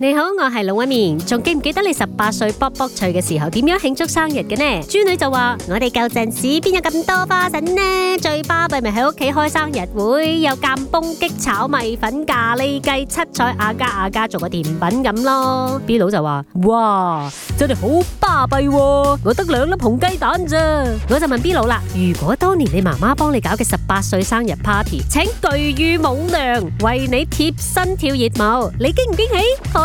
你好，我係龍紋敏，仲記唔記得你十八歲卜卜脆嘅時候點樣慶祝生日嘅呢？豬女就話，我哋舊陣時邊有咁多花神呢？最巴閉咪喺屋企開生日會，有間崩激炒米粉咖喱雞七彩阿家阿家做個甜品咁咯。B 佬就話哇，真係好巴閉，我得兩粒紅雞蛋咋？我就問 B 佬啦，如果當年你媽媽幫你搞嘅十八歲生日 party，請巨乳舞娘為你貼身跳熱舞，你驚唔驚喜？開唔開心呢？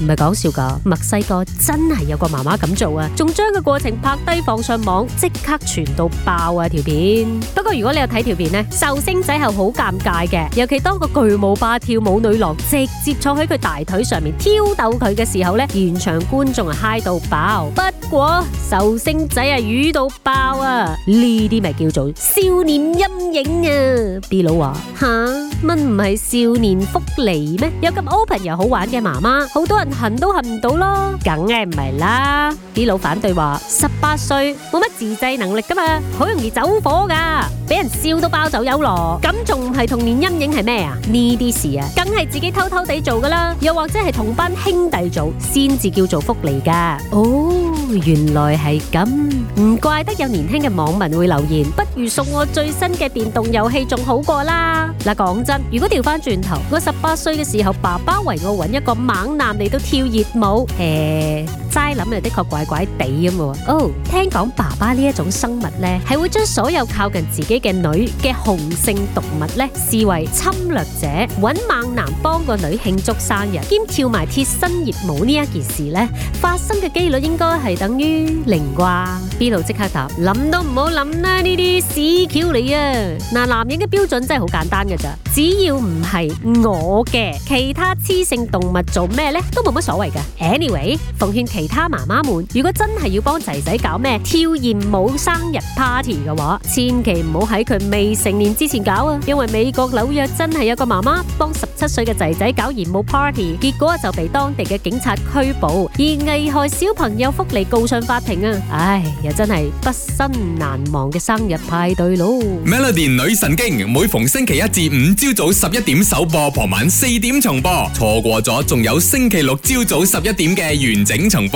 唔係講笑噶，墨西哥真係有個媽媽咁做啊，仲將個過程拍低放上網，即刻傳到爆啊條片。不過如果你有睇條片呢，壽星仔係好尷尬嘅，尤其當個巨無霸跳舞女郎直接坐喺佢大腿上面挑逗佢嘅時候呢，現場觀眾係嗨到爆。不過壽星仔啊，瘀到爆啊，呢啲咪叫做少年陰影啊？B 佬話吓。乜唔係少年福利咩？有咁 open 又好玩嘅媽媽，好多人恨都恨唔到咯啦，梗係唔係啦？啲老反對話十八歲冇乜自制能力噶嘛，好容易走火噶，俾人笑都爆走有咯。咁仲唔係童年陰影係咩啊？呢啲事啊，梗係自己偷偷地做噶啦，又或者係同班兄弟做先至叫做福利噶。哦，原來係咁，唔怪得有年輕嘅網民會留言，不如送我最新嘅電動遊戲仲好過啦。嗱，講。如果調翻轉頭，我十八歲嘅時候，爸爸為我揾一個猛男嚟到跳熱舞，誒。齋諗又的確怪怪地咁喎。哦，聽講爸爸呢一種生物咧，係會將所有靠近自己嘅女嘅雄性動物咧，視為侵略者，搵猛男幫個女慶祝生日兼跳埋貼身熱舞呢一件事咧，發生嘅幾率應該係等於零啩。B 佬即刻答，諗都唔好諗啦，呢啲屎橋嚟啊！嗱，男人嘅標準真係好簡單噶咋，只要唔係我嘅，其他雌性動物做咩咧都冇乜所謂噶。Anyway，奉勸其。其他媽媽們，如果真係要幫仔仔搞咩跳艷舞生日 party 嘅話，千祈唔好喺佢未成年之前搞啊！因為美國紐約真係有個媽媽幫十七歲嘅仔仔搞艷舞 party，結果就被當地嘅警察拘捕，而危害小朋友福利告上法庭啊！唉，又真係畢生難忘嘅生日派對咯。Melody 女神經，每逢星期一至五朝早十一點首播，傍晚四點重播，錯過咗仲有星期六朝早十一點嘅完整重播。